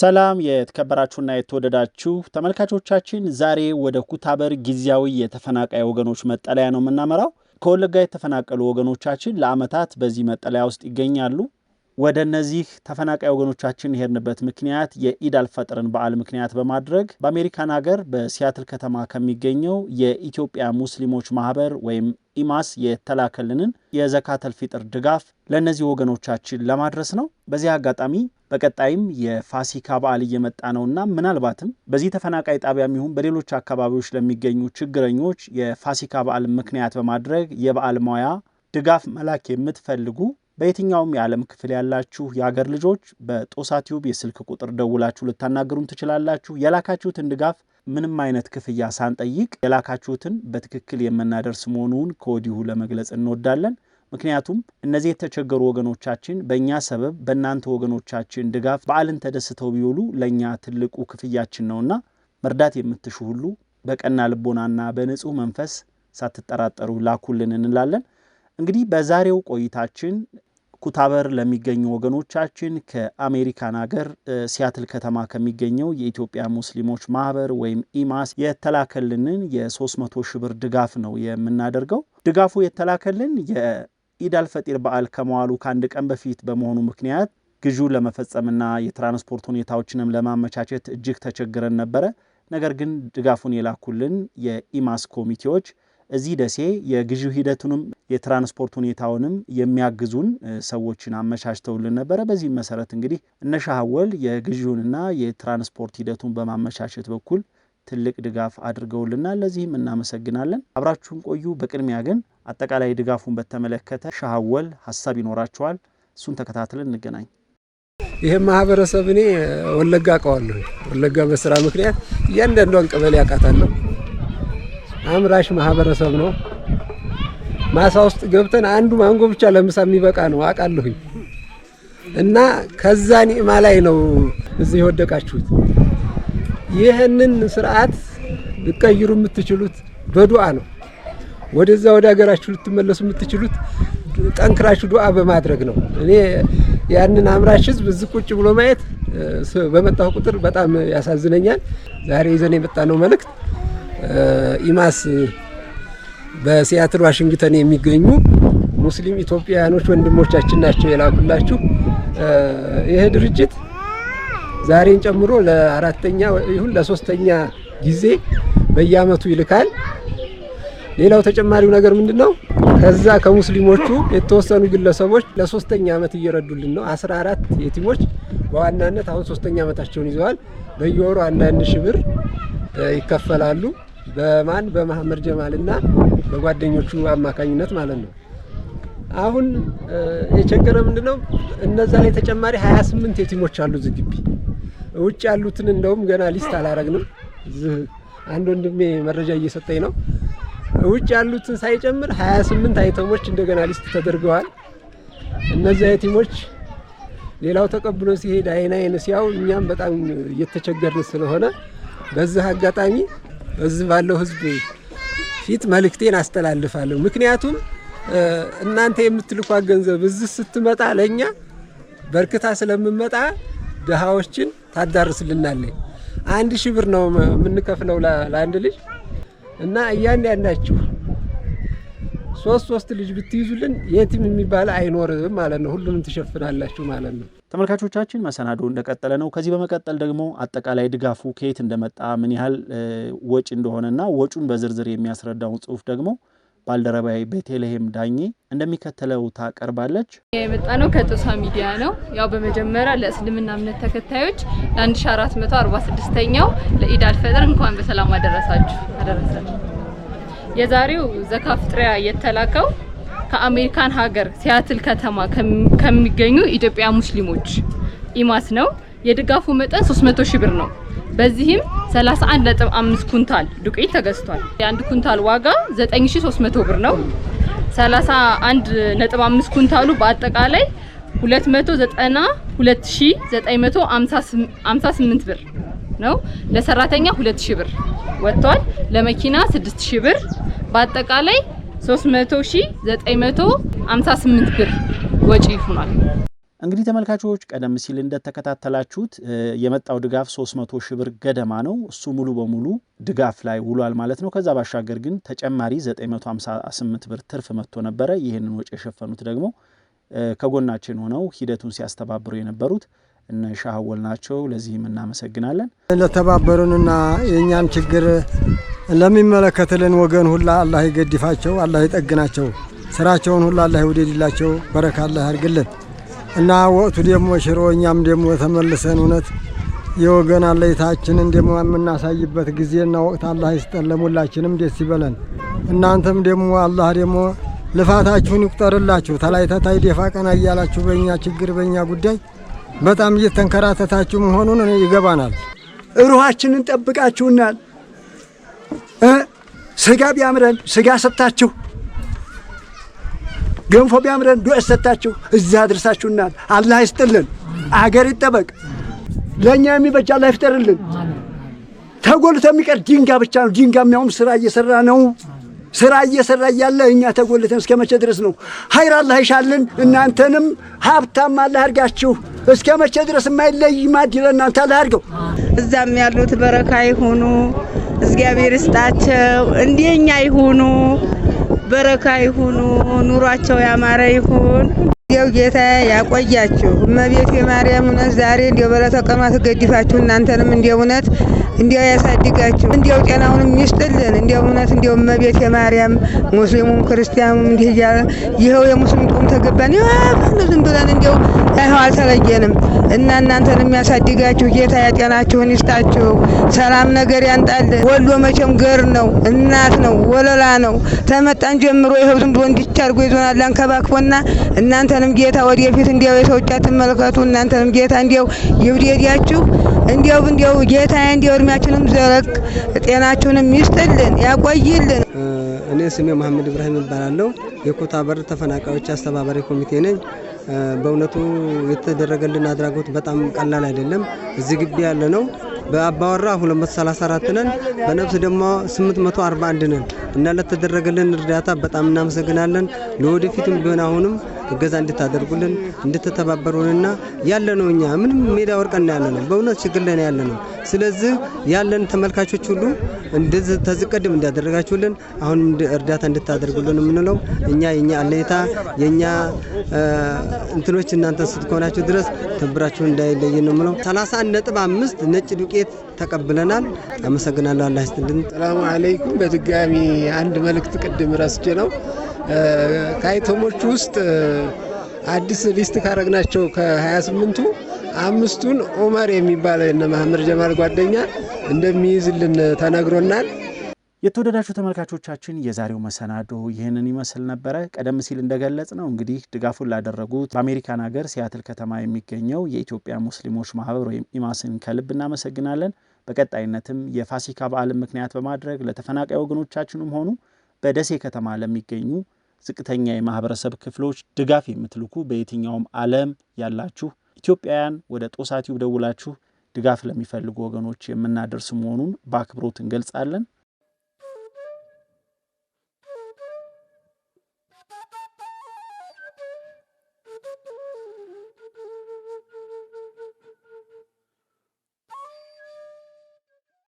ሰላም የተከበራችሁና የተወደዳችሁ ተመልካቾቻችን፣ ዛሬ ወደ ኩታበር ጊዜያዊ የተፈናቃይ ወገኖች መጠለያ ነው የምናመራው። ከወለጋ የተፈናቀሉ ወገኖቻችን ለአመታት በዚህ መጠለያ ውስጥ ይገኛሉ። ወደ እነዚህ ተፈናቃይ ወገኖቻችን የሄድንበት ምክንያት የኢድ አልፈጥርን በዓል ምክንያት በማድረግ በአሜሪካን ሀገር በሲያትል ከተማ ከሚገኘው የኢትዮጵያ ሙስሊሞች ማህበር ወይም ኢማስ የተላከልንን የዘካተል ፊጥር ድጋፍ ለእነዚህ ወገኖቻችን ለማድረስ ነው። በዚህ አጋጣሚ በቀጣይም የፋሲካ በዓል እየመጣ ነውና ምናልባትም በዚህ ተፈናቃይ ጣቢያ የሚሆን በሌሎች አካባቢዎች ለሚገኙ ችግረኞች የፋሲካ በዓል ምክንያት በማድረግ የበዓል ሙያ ድጋፍ መላክ የምትፈልጉ በየትኛውም የዓለም ክፍል ያላችሁ የአገር ልጆች በጦሳ ቲዩብ የስልክ ቁጥር ደውላችሁ ልታናገሩን ትችላላችሁ። የላካችሁትን ድጋፍ ምንም አይነት ክፍያ ሳንጠይቅ የላካችሁትን በትክክል የምናደርስ መሆኑን ከወዲሁ ለመግለጽ እንወዳለን። ምክንያቱም እነዚህ የተቸገሩ ወገኖቻችን በእኛ ሰበብ በእናንተ ወገኖቻችን ድጋፍ በዓልን ተደስተው ቢውሉ ለእኛ ትልቁ ክፍያችን ነውና መርዳት የምትሹ ሁሉ በቀና ልቦናና በንጹህ መንፈስ ሳትጠራጠሩ ላኩልን እንላለን። እንግዲህ በዛሬው ቆይታችን ኩታበር ለሚገኙ ወገኖቻችን ከአሜሪካን ሀገር ሲያትል ከተማ ከሚገኘው የኢትዮጵያ ሙስሊሞች ማህበር ወይም ኢማስ የተላከልንን የ300 ሺህ ብር ድጋፍ ነው የምናደርገው። ድጋፉ የተላከልን የኢዳል ፈጢር በዓል ከመዋሉ ከአንድ ቀን በፊት በመሆኑ ምክንያት ግዢው ለመፈጸምና የትራንስፖርት ሁኔታዎችንም ለማመቻቸት እጅግ ተቸግረን ነበረ። ነገር ግን ድጋፉን የላኩልን የኢማስ ኮሚቴዎች እዚህ ደሴ የግዢው ሂደቱንም የትራንስፖርት ሁኔታውንም የሚያግዙን ሰዎችን አመቻችተውልን ነበረ። በዚህም መሰረት እንግዲህ እነሻሀወል የግዢውንና የትራንስፖርት ሂደቱን በማመቻቸት በኩል ትልቅ ድጋፍ አድርገውልናል። ለዚህም እናመሰግናለን። አብራችሁን ቆዩ። በቅድሚያ ግን አጠቃላይ ድጋፉን በተመለከተ ሻሀወል ሀሳብ ይኖራቸዋል። እሱን ተከታትለን እንገናኝ። ይህም ማህበረሰብ እኔ ወለጋ አውቀዋለሁ። ወለጋ በስራ ምክንያት እያንዳንዷን ቀበሌ አውቃታለሁ። አምራች ማህበረሰብ ነው። ማሳ ውስጥ ገብተን አንዱ ማንጎ ብቻ ለምሳ የሚበቃ ነው አውቃለሁኝ። እና ከዛ ኒዕማ ላይ ነው እዚህ የወደቃችሁት። ይህንን ስርዓት ልቀይሩ የምትችሉት በዱዓ ነው። ወደዛ ወደ ሀገራችሁ ልትመለሱ የምትችሉት ጠንክራችሁ ዱዓ በማድረግ ነው። እኔ ያንን አምራች ህዝብ እዚህ ቁጭ ብሎ ማየት በመጣሁ ቁጥር በጣም ያሳዝነኛል። ዛሬ ይዘን የመጣ ነው መልእክት ኢማስ በሲያትል ዋሽንግተን የሚገኙ ሙስሊም ኢትዮጵያውያኖች ወንድሞቻችን ናቸው የላኩላችሁ። ይህ ድርጅት ዛሬን ጨምሮ ለአራተኛ ይሁን ለሶስተኛ ጊዜ በየአመቱ ይልካል። ሌላው ተጨማሪው ነገር ምንድን ነው? ከዛ ከሙስሊሞቹ የተወሰኑ ግለሰቦች ለሶስተኛ አመት እየረዱልን ነው። አስራ አራት የቲሞች በዋናነት አሁን ሶስተኛ አመታቸውን ይዘዋል። በየወሩ አንዳንድ ሺህ ብር ይከፈላሉ። በማን በመሐመድ ጀማል እና በጓደኞቹ አማካኝነት ማለት ነው። አሁን የቸገረ ምንድን ነው እነዛ ላይ ተጨማሪ 28 የቲሞች አሉ እዚህ ግቢ ውጭ ያሉትን እንደውም ገና ሊስት አላረግንም። አንድ ወንድሜ መረጃ እየሰጠኝ ነው። ውጭ ያሉትን ሳይጨምር 28 አይተሞች እንደገና ሊስት ተደርገዋል። እነዚ የቲሞች ሌላው ተቀብሎ ሲሄድ አይን አይን ሲያው እኛም በጣም እየተቸገርን ስለሆነ በዚህ አጋጣሚ በዚህ ባለው ህዝብ ፊት መልእክቴን አስተላልፋለሁ። ምክንያቱም እናንተ የምትልኳት ገንዘብ እዚህ ስትመጣ ለእኛ በርክታ ስለምመጣ ድሃዎችን ታዳርስልናለኝ። አንድ ሺህ ብር ነው የምንከፍለው ለአንድ ልጅ እና እያንዳንዳችሁ ሶስት ሶስት ልጅ ብትይዙልን የቲም የሚባል አይኖርም ማለት ነው። ሁሉንም ትሸፍናላችሁ ማለት ነው። ተመልካቾቻችን መሰናዶ እንደቀጠለ ነው። ከዚህ በመቀጠል ደግሞ አጠቃላይ ድጋፉ ከየት እንደመጣ ምን ያህል ወጪ እንደሆነና ወጩን በዝርዝር የሚያስረዳውን ጽሁፍ ደግሞ ባልደረባዊ ቤተልሔም ዳኜ እንደሚከተለው ታቀርባለች። የመጣ ነው ከጦሳ ሚዲያ ነው። ያው በመጀመሪያ ለእስልምና እምነት ተከታዮች ለ1446ኛው ለኢድ አልፈጥር እንኳን በሰላም አደረሳችሁ አደረሳችሁ የዛሬው ዘካፍጥሪያ የተላከው ከአሜሪካን ሀገር ሲያትል ከተማ ከሚገኙ ኢትዮጵያ ሙስሊሞች ኢማት ነው። የድጋፉ መጠን 300 ሺህ ብር ነው። በዚህም 31.5 ኩንታል ዱቄት ተገዝቷል። የአንድ ኩንታል ዋጋ 9300 ብር ነው። 31.5 ኩንታሉ በአጠቃላይ 292958 ብር ነው። ለሰራተኛ 2000 ብር ወጥቷል። ለመኪና 6000 ብር በአጠቃላይ 3958 ብር ወጪ ይሆናል። እንግዲህ ተመልካቾች ቀደም ሲል እንደተከታተላችሁት የመጣው ድጋፍ 300 ሺህ ብር ገደማ ነው። እሱ ሙሉ በሙሉ ድጋፍ ላይ ውሏል ማለት ነው። ከዛ ባሻገር ግን ተጨማሪ 958 ብር ትርፍ መጥቶ ነበረ። ይህንን ወጪ የሸፈኑት ደግሞ ከጎናችን ሆነው ሂደቱን ሲያስተባብሩ የነበሩት እነ ሻወል ናቸው። ለዚህም እናመሰግናለን። ለተባበሩንና የእኛን ችግር ለሚመለከትልን ወገን ሁላ አላህ ይገድፋቸው፣ አላህ ይጠግናቸው፣ ስራቸውን ሁላ አላህ ይውደድላቸው፣ በረካ አላህ ያድርግልን እና ወቅቱ ደግሞ ሽሮ እኛም ደግሞ ተመልሰን እውነት የወገን አለይታችንን ደግሞ የምናሳይበት ጊዜና ወቅት አላህ ይስጠን። ለሙላችንም ደስ ይበለን። እናንተም ደግሞ አላህ ደግሞ ልፋታችሁን ይቁጠርላችሁ። ተላይተታይ ደፋ ቀና እያላችሁ በእኛ ችግር በእኛ ጉዳይ በጣም እየተንከራተታችሁ መሆኑን ይገባናል። እሩሃችንን ጠብቃችሁናል። ስጋ ቢያምረን ስጋ ሰጥታችሁ፣ ገንፎ ቢያምረን ዱዕ ሰጥታችሁ እዚህ አድርሳችሁናል። አላህ ይስጥልን። አገር ይጠበቅ። ለእኛ የሚበጃ አላህ ይፍጠርልን። ተጎልቶ የሚቀር ድንጋ ብቻ ነው። ድንጋ የሚያውም ስራ እየሰራ ነው። ስራ እየሰራ እያለ እኛ ተጎልተን እስከ መቼ ድረስ ነው? ሀይር አላህ ይሻልን፣ እናንተንም ሀብታም አላህ አድርጋችሁ እስከ መቼ ድረስ የማይለይ ማድ ለእናንተ አላህ አድርገው። እዛም ያሉት በረካ ይሁኑ፣ እግዚአብሔር ይስጣቸው። እንደኛ ይሁኑ፣ በረካ ይሁኑ፣ ኑሯቸው ያማረ ይሁን። ያው ጌታ ያቆያችሁ። እመቤት የማርያም እውነት ዛሬ እንዲው በለተቀኗ ትገድፋችሁ እናንተንም እንዲው እውነት እንዲያው ያሳድጋቸው፣ እንዲያው ጤናውንም ይስጥልን። እንዲያው እውነት እንዲያው እመቤት የማርያም ሙስሊሙም ክርስቲያኑም እንዲህ እያለ ይኸው የሙስሊም ጦም ተገባን ያሉ ዝም ብለን እንዲያው ያይኸው አልተለየንም እና እናንተን የሚያሳድጋችሁ ጌታ ያጤናችሁን ይስጣችሁ። ሰላም ነገር ያንጣልን። ወሎ መቼም ገር ነው፣ እናት ነው፣ ወለላ ነው። ተመጣን ጀምሮ ይኸው ዝም ብሎ እንዲቻርጎ ይዞናል አንከባክቦና እናንተንም ጌታ ወደፊት እንዲያው የተውጫ ትመልከቱ እናንተንም ጌታ እንዲያው ይብደዳችሁ እንዲያው እንዲያው ጌታ እንዲያው እድሜያችንም ዘረቅ ጤናችንም ይስጥልን ያቆይልን። እኔ ስሜ መሐመድ ኢብራሂም እባላለሁ። የኩታ በር ተፈናቃዮች አስተባባሪ ኮሚቴ ነኝ። በእውነቱ የተደረገልን አድራጎት በጣም ቀላል አይደለም። እዚህ ግቢ ያለ ነው በአባወራ 234 ነን፣ በነፍስ ደግሞ 841 ነን እና ለተደረገልን እርዳታ በጣም እናመሰግናለን። ለወደፊትም ቢሆን አሁንም እገዛ እንድታደርጉልን እንድትተባበሩንና ያለ ነው። እኛ ምንም ሜዳ ወርቀን ያለ ነው። በእውነት ችግር ላይ ያለ ነው። ስለዚህ ያለን ተመልካቾች ሁሉ እንደዚህ ተዝቀድም እንዲያደረጋችሁልን አሁን እርዳታ እንድታደርጉልን የምንለው እኛ የኛ አለኝታ የኛ እንትኖች እናንተ ስትሆናችሁ ድረስ ትብብራችሁን እንዳይለይ ነው የምለው። 31 ነጥብ አምስት ነጭ ዱቄት ተቀብለናል። አመሰግናለሁ። አላ ይስጥልን። ሰላሙ አለይኩም። በድጋሚ አንድ መልእክት ቅድም ረስቼ ነው ከአይተሞች ውስጥ አዲስ ሊስት ካረግናቸው ከ28ቱ አምስቱን ኦመር የሚባለው የነ መሐመድ ጀማል ጓደኛ እንደሚይዝልን ተነግሮናል። የተወደዳችሁ ተመልካቾቻችን የዛሬው መሰናዶ ይህንን ይመስል ነበረ። ቀደም ሲል እንደገለጽ ነው እንግዲህ ድጋፉን ላደረጉት በአሜሪካን ሀገር ሲያትል ከተማ የሚገኘው የኢትዮጵያ ሙስሊሞች ማህበር ወይም ኢማስን ከልብ እናመሰግናለን። በቀጣይነትም የፋሲካ በዓልን ምክንያት በማድረግ ለተፈናቃይ ወገኖቻችንም ሆኑ በደሴ ከተማ ለሚገኙ ዝቅተኛ የማህበረሰብ ክፍሎች ድጋፍ የምትልኩ በየትኛውም ዓለም ያላችሁ ኢትዮጵያውያን ወደ ጦሳ ደውላችሁ ድጋፍ ለሚፈልጉ ወገኖች የምናደርስ መሆኑን በአክብሮት እንገልጻለን።